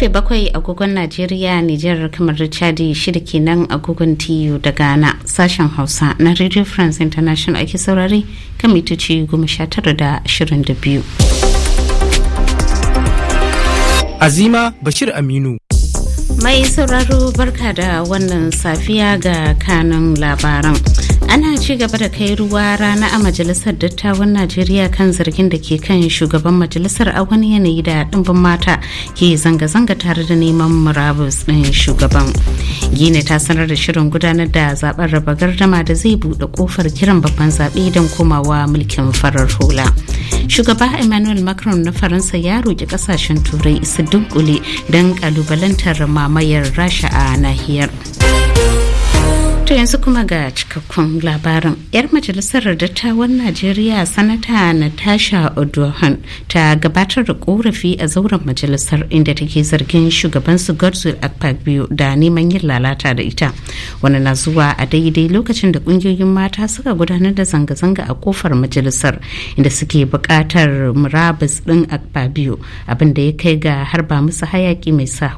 karfe bakwai agogon najeriya nijar kamar chadi shida kenan agogon tiyo da ghana sashen hausa na radio france international ake saurari kan mitoci goma sha tara da ashirin da biyu azima bashir aminu Mai sauraro barka da wannan safiya ga kanin labaran. Ana ci gaba da kai ruwa rana a Majalisar Dattawan Najeriya kan zargin da ke kan shugaban majalisar a wani yanayi da dimbin mata ke zanga-zanga tare da neman murabus ɗin shugaban. Gine ta sanar da shirin gudanar da zaben raba gardama da zai buɗe kofar kiran babban zaɓe don komawa mulkin farar hula. shugaba emmanuel macron na faransa ya roƙi kasashen turai su dunkule don kalubalantar mamayar rasha a nahiyar to yanzu kuma ga cikakkun labarin yar majalisar dattawan najeriya sanata natasha odohan ta gabatar da korafi a zauren majalisar inda take zargin shugaban su godswill akpabio da neman yin lalata da ita wani na zuwa a daidai lokacin da kungiyoyin mata suka gudanar da zanga-zanga a kofar majalisar inda suke buƙatar murabus din akpabio abin da ya kai ga harba musu hayaki mai sa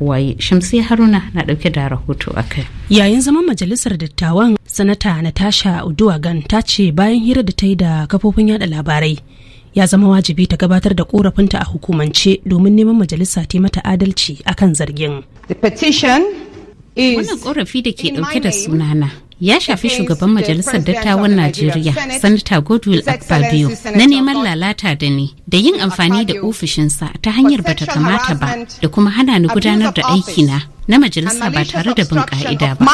haruna na ɗauke da rahoto akai yayin zaman majalisar dattawan sanata natasha uduwagan ta ce bayan hira da ta yi da kafofin yada labarai ya zama wajibi ta gabatar da korafinta a hukumance domin neman majalisa ta mata adalci akan zargin wannan korafi da ke dauke da sunana ya shafi shugaban majalisar dattawan najeriya sanata godwill akpabio na neman lalata da ni da yin amfani da ofishinsa ta hanyar bata kamata ba da kuma hana ni gudanar da aikina na majalisa ba tare da bin ka'ida ba.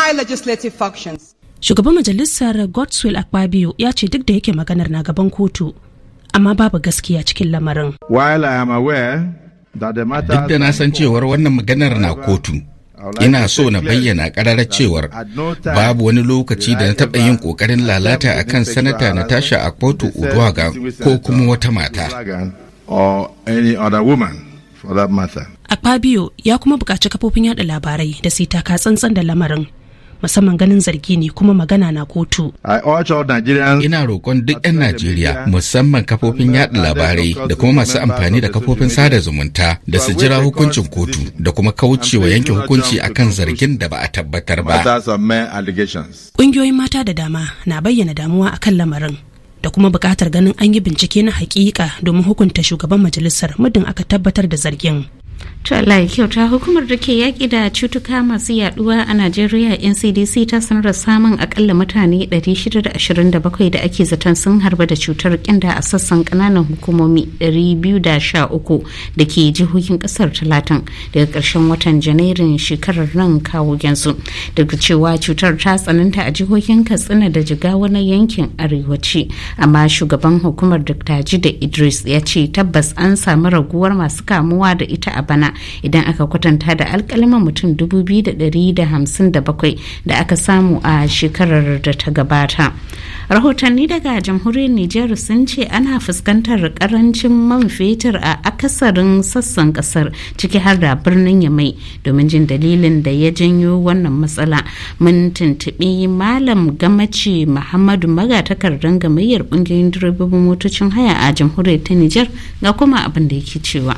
Shugaban majalisar Godswill Akpabio ya ce duk da yake maganar na gaban kotu, amma babu gaskiya cikin lamarin. Duk da na san cewar wannan maganar na kotu, ina so na bayyana karara cewar babu wani lokaci da na taɓa yin ƙoƙarin lalata a kan sanata na tasha a kotu uduwaga ko kuma wata mata a fabio ya kuma buƙaci kafofin yada labarai da sitaka taka tsantsan da lamarin musamman ganin zargi ne kuma magana na kotu. Ina roƙon duk 'yan Najeriya musamman kafofin yaɗa labarai da kuma masu amfani da kafofin sada zumunta da su jira hukuncin kotu da kuma kaucewa yanke hukunci akan zargin da ba a tabbatar ba. Ƙungiyoyin mata da dama na bayyana damuwa akan lamarin. da kuma buƙatar ganin an yi bincike na hakika domin hukunta shugaban majalisar muddin aka tabbatar da zargin. ta Allah kyauta hukumar da ke yaƙi da cutuka masu yaduwa a Najeriya NCDC ta sanar samun akalla mutane 627 da ake zaton sun harba da cutar kinda a sassan kananan hukumomi 213 da ke jihohin kasar talatin daga ƙarshen watan janairun shekarar nan kawo yanzu daga cewa cutar ta tsananta a jihohin katsina da jigawa na yankin arewaci amma shugaban hukumar dr da idris ya ce tabbas an samu raguwar masu kamuwa da ita a bana idan aka kwatanta da alkalaman mutum 2,157 da da da hamsin aka samu a shekarar da ta gabata. rahotanni daga jamhuriyar nijar sun ce ana fuskantar karancin man fetur a akasarin sassan kasar ciki har da birnin yamai domin jin dalilin da ya janyo wannan matsala mun tuntuɓi malam gamaci muhammadu magatakardar gamayyar ƙungiyoyin direbobin motocin haya a jamhuriyar ta nijar ga kuma abin da yake cewa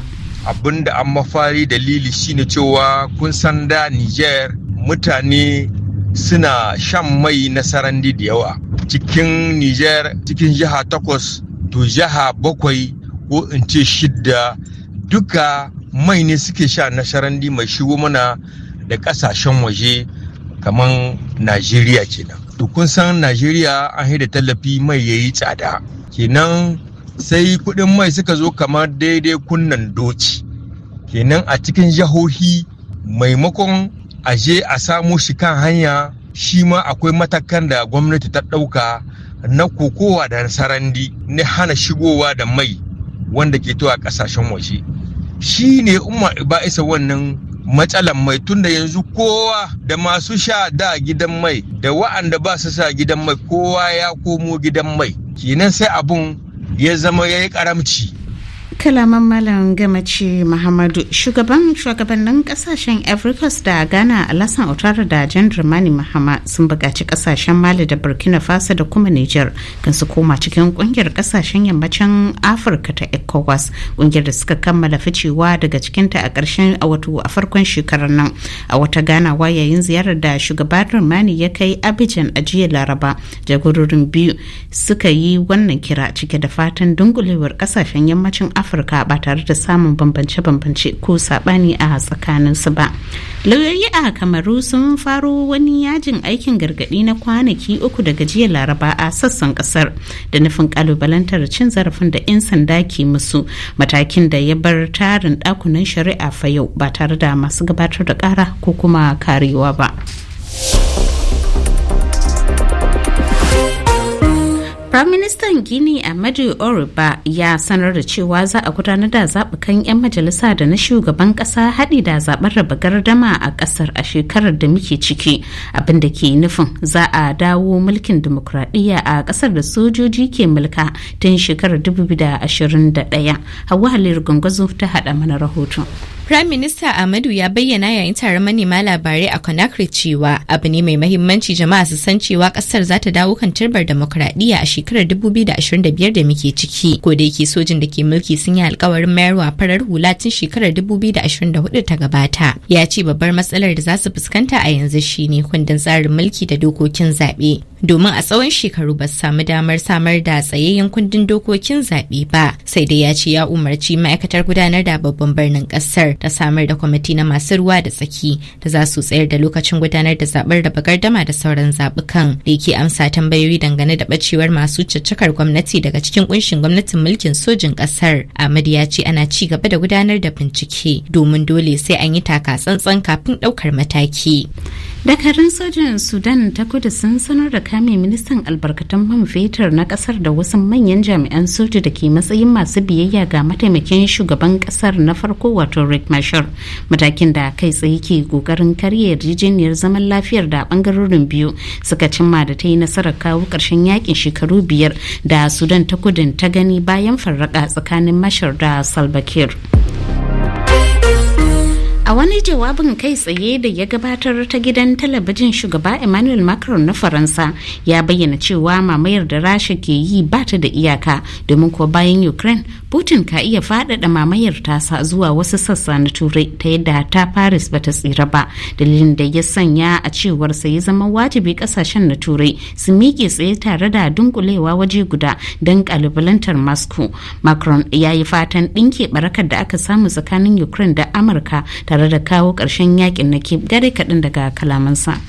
Abin da an mafari dalili shine cewa kun san da niger mutane suna shan mai na sarandi da yawa cikin niger cikin jiha takwas to jiha bakwai ko in ce shidda duka mai ne suke sha na sarandi mai shigo mana da kasashen waje kamar najeriya kenan to kun san najeriya an haida tallafi mai yayi tsada kenan sai kuɗin mai suka zo kamar daidai kunnan doci, kenan a cikin jihohi maimakon aje a samu shi kan hanya shi ma akwai matakan da gwamnati ta ɗauka na kokowa da sarandi na hana shigowa da mai wanda ke to a ƙasashen waje shi ne umar ba wannan matsalan mai tunda yanzu kowa da masu sha da gidan mai da wa'anda ba su sa gidan mai kowa ya komo gidan mai kenan sai abun ya zama ya yi karamci kalaman malam gamace muhammadu shugaban shugabannin kasashen africa da ghana alasan otara da jandarmani mahama sun bugaci kasashen mali da burkina faso da kuma niger kan su koma cikin kungiyar kasashen yammacin afirka ta ecowas kungiyar da suka kammala ficewa daga cikinta a ƙarshen a wato a farkon shekarar nan a wata wa yayin ziyarar da shugaban rumani ya kai abidjan a jiya laraba jagororin biyu suka yi wannan kira cike da fatan dungulewar kasashen yammacin afirka afirka ba tare da samun bambance-bambance ko sabani a tsakaninsu ba lauyoyi a kamaru sun faro wani yajin aikin gargadi na kwanaki uku daga jiya laraba a sassan kasar da nufin kalubalantar cin zarafin da 'yan sanda ke musu matakin da ya bar tarin dakunan shari'a fa yau ba tare da masu gabatar da kara ko kuma karewa ba. Minister Gini Ahmadu Oruba ya sanar da cewa za a gudanar da zaɓukan 'yan majalisa da na shugaban ƙasa haɗi da zaɓen raba gardama a ƙasar a shekarar da muke ciki abinda ke nufin za a dawo mulkin dimokuraɗiyya a ƙasar da sojoji ke mulka tun shekarar 2021. Hauwa Halilu Gungazo ta haɗa mana rahoton. Prime Minister Ahmadu ya bayyana yayin taron manema labarai a Conakry cewa abu ne mai mahimmanci jama'a su san cewa kasar za ta dawo kan turbar demokradiyya a shekarar 2025 da muke ciki. Ko da yake sojin da ke mulki sun yi alkawarin mayarwa farar hula tun shekarar 2024 ta gabata. Ya ce babbar matsalar da za su fuskanta a yanzu shine kundin tsarin mulki da dokokin zaɓe. Domin a tsawon shekaru ba su samu damar samar da tsayayyen kundin dokokin zaɓe ba. Sai dai ya ce ya umarci ma'aikatar gudanar da babban birnin ƙasar da samar da kwamiti na masu ruwa da tsaki da za su tsayar da lokacin gudanar da zaɓen raba gardama da sauran zaɓukan da yake amsa tambayoyi dangane da bacewar masu caccakar gwamnati daga cikin kunshin gwamnatin mulkin sojin ƙasar. Ahmad ya ce ana ci gaba da gudanar da bincike domin dole sai an yi taka tsantsan kafin ɗaukar mataki. dakarun sojin sudan ta kudu sun sanar da kame ministan albarkatun man fetur na kasar da wasu manyan jami'an soja da ke matsayin masu biyayya ga mataimakin shugaban kasar na farko wato rick mashar matakin da kai tsaye ke kokarin karye yarjejeniyar zaman lafiyar da bangarorin biyu suka cimma da ta yi nasarar kawo karshen yakin shekaru biyar da sudan ta kudin ta gani bayan farraka tsakanin mashar da salbakir a wani jawabin kai tsaye da ya gabatar ta gidan talabijin shugaba emmanuel macron na faransa ya bayyana cewa mamayar da rasha ke yi ba ta da iyaka domin kuwa bayan ukraine putin ka iya faɗaɗa mamayar tasa zuwa wasu sassa na turai ta yadda ta paris ba ta tsira ba dalilin da ya sanya a cewar sa ya zama wajibi kasashen na turai su miƙe tsaye tare da dunkulewa waje guda don kalubalantar moscow macron ya yi fatan ɗinke barakar da aka samu tsakanin ukraine da amurka tare tare da kawo ƙarshen yakin na ke gare kaɗan daga kalamansa.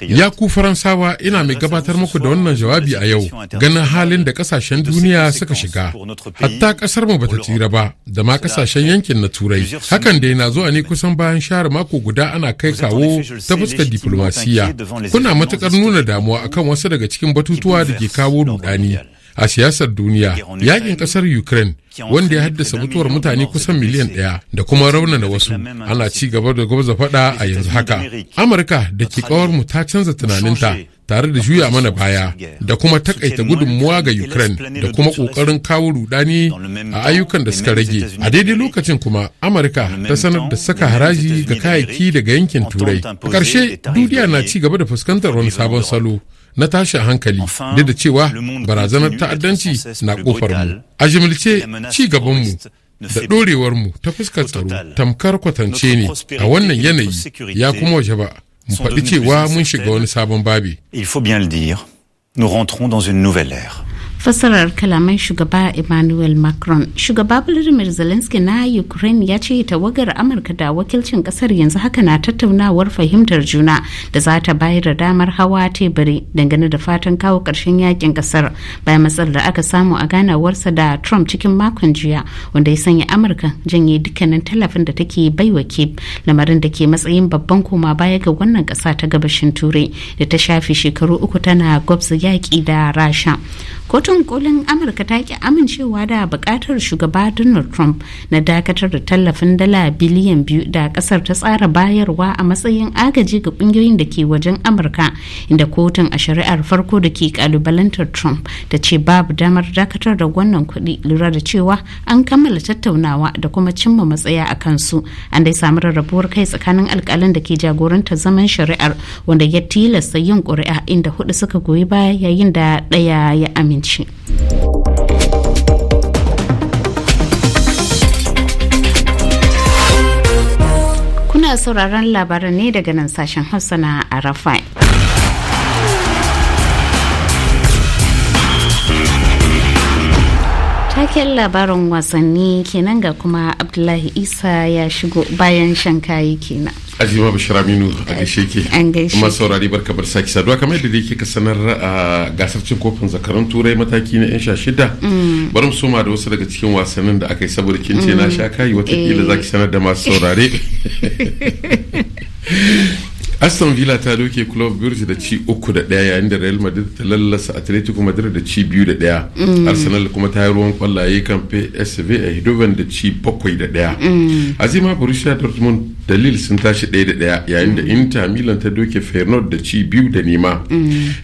Ya ku Faransawa ina mai gabatar muku da wannan jawabi a yau ganin halin da kasashen duniya suka shiga. Hatta kasar mu bata tsira ba da ma kasashen yankin na Turai. Hakan dai na zuwa ne kusan bayan share mako guda ana kai kawo ta fuskar diplomasiya. Kuna matukar nuna damuwa akan wasu daga cikin batutuwa da ke kawo rudani. a siyasar duniya yakin kasar ukraine wanda ya haddasa mutuwar mutane kusan miliyan ɗaya da kuma raunana wasu ana ci gaba da gwamza faɗa a yanzu haka amurka da ke mu ta canza tunaninta tare da juya mana baya da kuma takaita gudunmuwa ga ukraine da kuma kokarin kawo rudani a ayyukan da suka rage a daidai lokacin kuma amurka ta sanar da saka haraji ga kayayyaki daga yankin turai a ƙarshe duniya na ci gaba da fuskantar wani sabon salo na tashi a hankali duk da cewa barazanar ta'addanci na kofar mu a jimilce ci mu da ɗorewar mu ta fuskar tsaro tamkar kwatance ne a wannan yanayi ya kuma waje ba mu faɗi cewa mun shiga wani sabon babi. Il faut bien le dire, nous rentrons dans une nouvelle ère. fassarar kalaman shugaba emmanuel macron shugaba volodymyr zelensky na ukraine ya ce tawagar amurka da wakilcin kasar yanzu haka na tattaunawar fahimtar juna da za ta bayar da damar hawa tebiri dangane da fatan kawo karshen yakin kasar bayan matsalar da aka samu a ganawarsa da trump cikin makon jiya wanda ya sanya amurka janye dukkanin tallafin da take baiwa kiev lamarin da ke matsayin babban koma baya ga wannan kasa ta gabashin turai da ta shafe shekaru uku tana gwabza yaki da rasha kotun kolin amurka ta ki amincewa da bukatar shugaba donald trump na dakatar da tallafin dala biliyan biyu da kasar ta tsara bayarwa a matsayin agaji ga kungiyoyin da ke wajen amurka inda kotun a shari'ar farko da ke kalubalantar trump ta ce babu damar dakatar da wannan kuɗi lura da cewa an kammala tattaunawa da kuma cimma matsaya a kansu an dai samu rarrabuwar kai tsakanin alkalin da ke jagorantar zaman shari'ar wanda ya tilasta yin ƙuri'a inda hudu suka goyi baya yayin da ɗaya ya amince kuna sauraron labaran ne daga nan sashen hausa na arafai cikakken labarin wasanni kenan ga kuma abdullahi isa ya shigo bayan shan kayi kenan azima bashira minu a gaishe ke an gaishe kuma saurari barka bar saki saduwa kamar yadda dai ka sanar a gasar cin kofin zakarun turai mataki na yan sha shida mm. bari mu soma da wasu daga cikin wasannin da aka yi saboda kin ce na mm. sha kayi watakila eh. ki sanar da masu saurare aston villa ta doke club brugge da ci uku da daya yayin da real madrid ta lallasa atletico madrid da ci biyu da daya mm. arsenal kuma ta yi ruwan kwallaye kan psv a hidoven da ci bakwai da daya mm. azima borussia dortmund dalil lille sun tashi daya da daya yayin da mm. inter milan ta doke feyenoord da ci biyu da nema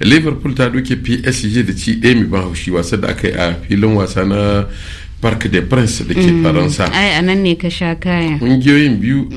liverpool ta doke psg da ci daya mai ban haushi wasa da aka yi a filin wasa na park de prince da ke faransa ai anan ne ka sha kaya ƙungiyoyin biyu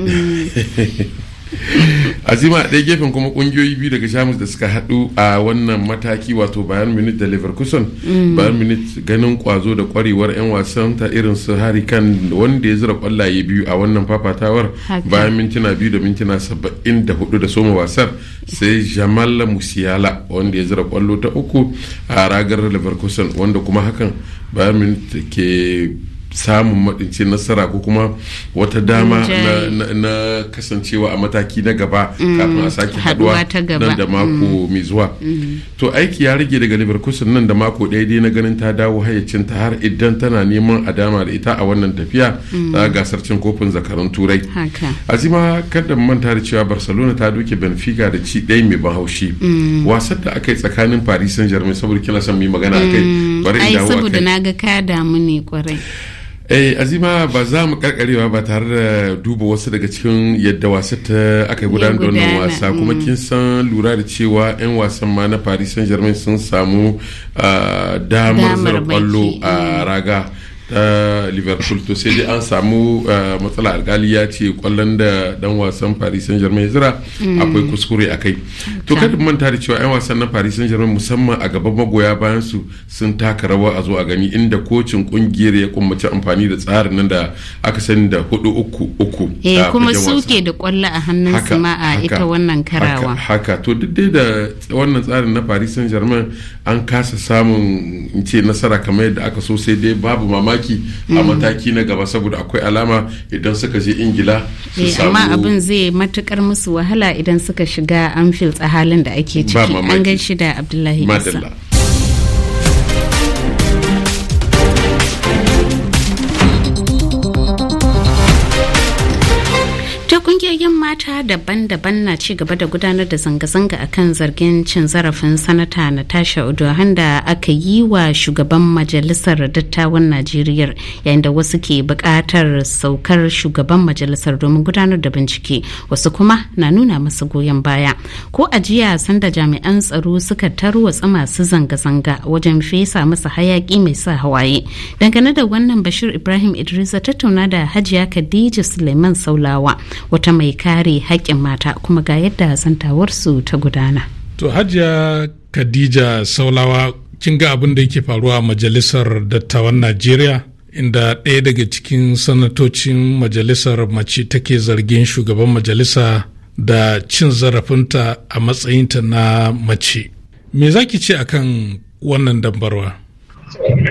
azima ɗaya gefen kuma kungiyoyi biyu daga jamus da suka haɗu a wannan mataki wato bayan minit da leverkusen mm. bayan minit ganin kwazo da kwarewar 'yan wasan ta irin su hari kan wanda ya zira kwallaye biyu a wannan fafatawar bayan mintuna biyu da mintuna saba'in da hudu da soma wasar sai jamal musiala wanda ya zira kwallo ta uku a ragar leverkusen wanda kuma hakan bayan minit ke samun maɗince nasara ko kuma wata dama mm, na, kasancewa a mataki na gaba mm, kafin a sake haduwa nan da mm. mako mai zuwa mm-hmm. to aiki ya rage daga kusa nan da mako ɗaya dai na ganin ta dawo hayyacinta har idan tana neman a dama da ita a wannan tafiya ta gasar cin kofin zakarun turai azima kada manta da cewa barcelona ta duke benfica da ci ɗaya mai ban haushi wasan da aka yi tsakanin paris saint germain saboda kina son mu magana akai bari in dawo akai saboda na ga ka damu ne kwarai Eh Azima ba za mu karkarewa ba tare da duba wasu daga cikin yadda wasa ta aka gudanar da wannan wasa kuma mm. kin san lura da cewa 'yan wasan ma na Paris Saint-Germain sun samu ah, damar zara kwallo a mm. raga. ta liverpool to sai dai an samu eh, matsala alkali ya ce kwallon da dan wasan paris saint germain zira hmm. akwai kuskure a kai to kada manta da cewa yan wasan na paris saint germain musamman a gaban magoya bayan su sun taka rawa a zo a gani inda kocin kungiyar ya kummaci amfani da tsarin nan da aka sani da hudu uku uku eh kuma suke da kwallo a hannun su ma a ita wannan karawa haka to duk dai da wannan tsarin na paris saint germain an kasa samun in ce nasara kamar yadda aka so sai dai babu mamaki mamaki a mm. mataki na gaba saboda akwai alama idan suka je ingila su eh, samu amma abin zai matukar musu wahala idan suka shiga anfield a halin da ake ciki an gaishe da abdullahi isa mata daban-daban na ci gaba da gudanar da zanga-zanga a kan zargin cin zarafin sanata na natasha uduhan da aka yi wa shugaban majalisar dattawan najeriya yayin da wasu ke buƙatar saukar shugaban majalisar domin gudanar da bincike wasu kuma na nuna masa goyon baya ko a jiya sanda jami'an tsaro suka tarwatsa masu zanga-zanga wajen fesa masa hayaƙi mai sa hawaye dangane da wannan bashir ibrahim idrisa tattauna da hajiya khadija suleiman saulawa wata mai kare kare haƙƙin mata kuma ga yadda zantawarsu ta gudana. To Hajiya Khadija Saulawa kin ga abin da yake faruwa a majalisar dattawan Najeriya inda ɗaya daga cikin sanatocin majalisar mace take zargin shugaban majalisa da cin zarafinta a matsayinta na mace. Me za ki ce akan wannan dambarwa?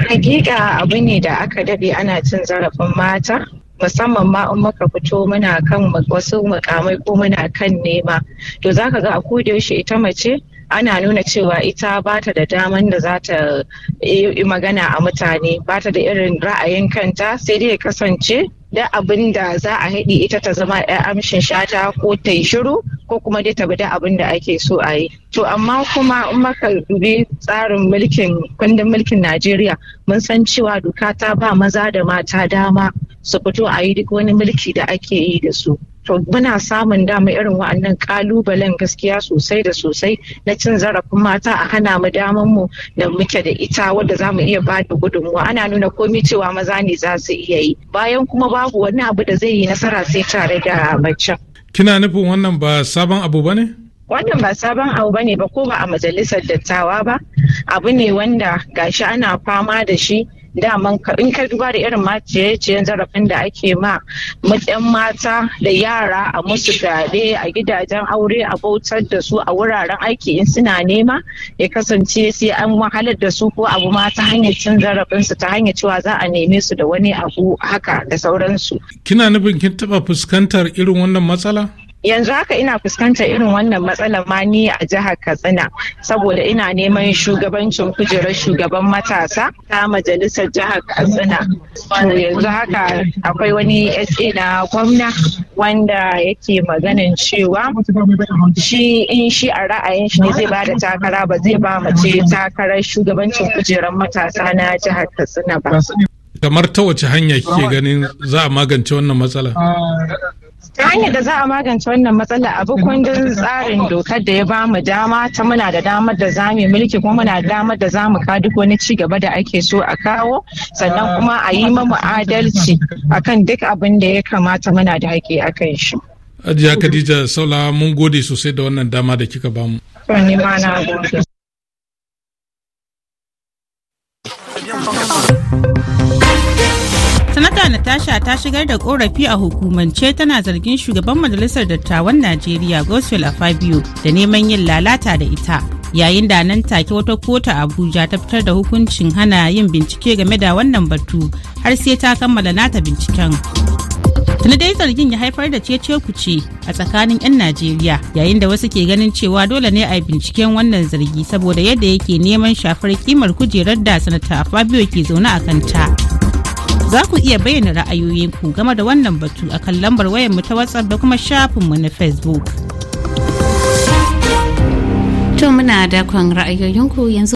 Hakika abu ne da aka daɗe ana cin zarafin mata musamman ma in muka fito muna kan wasu mukamai ko muna kan nema to za ka ga a yaushe ita mace ana nuna cewa ita ba ta da daman da za ta yi magana a mutane ba ta da irin ra'ayin kanta sai dai kasance da abin da za a haɗi ita ta zama 'yan amshin shata ko ta yi shiru ko kuma dai tabi da abin da ake so a yi to amma kuma in maka dubi tsarin mulkin kundin mulkin najeriya mun san cewa doka ta ba maza da mata dama su fito a yi duk wani mulki da ake yi da su to muna samun dama irin wa'annan kalubalen gaskiya sosai da sosai na cin zarafin mata a hana mu daman mu da muke da ita wadda za mu iya bada gudunmuwa ana nuna komai cewa maza ne za su iya yi bayan kuma babu wani abu da zai yi nasara sai tare da mace kina nufin wannan ba sabon abu ba ne? wannan ba sabon abu ba ne ba ko ba a majalisar dattawa ba abu ne wanda gashi ana fama da shi daman in ka duba da irin ma ce, ciyen zarafin da ake ma matsayin mata da yara a musu fyaɗe a gidajen aure a bautar da su a wuraren aiki in suna nema ya kasance sai an wahalar da su ko abu ma ta hanyar cin zarafin su ta hanyar cewa za a neme su da wani abu haka da sauransu. Kina nufin kin taɓa fuskantar irin wannan matsala? yanzu haka ina fuskantar irin wannan matsalar mani a jihar katsina saboda ina neman shugabancin kujerar shugaban matasa ta majalisar jihar katsina yanzu haka akwai wani sa na gwamna wanda yake maganin cewa shi in shi a ra'ayin shi ne zai ba da takara ba zai ba mace takarar shugabancin kujerar matasa na jihar katsina ba kamar ta wace hanya kike ganin za a magance wannan matsala ah, ta hanyar da za a magance wannan matsala abu kundin tsarin dokar da ya ba mu dama ta muna da damar da za mu mulki kuma muna da damar da za mu ka duk wani ci gaba da ake so a kawo sannan kuma a yi mamu adalci akan duk abin da ya kamata muna da haƙƙi a kan shi. Ajiya Khadija Saula mun gode sosai da wannan dama da kika bamu. To ma na gode. Natasha ta shigar da korafi a hukumance tana zargin shugaban majalisar dattawan Najeriya Goswell Afabio da neman yin lalata da ita. Yayin da nan take wata kota Abuja ta fitar da hukuncin hana yin bincike game da wannan batu har sai ta kammala nata binciken. Tuna dai zargin ya haifar da cece kuce a tsakanin 'yan najeriya yayin da wasu ke ganin cewa dole ne a yi binciken wannan zargi saboda yadda yake neman shafar kimar kujerar da sanata fabio ke zaune a kanta Za ku iya bayyana ra'ayoyinku game da wannan batu a kan lambar wayarmu ta WhatsApp da kuma shafinmu na Facebook. To muna dakon ra'ayoyinku yanzu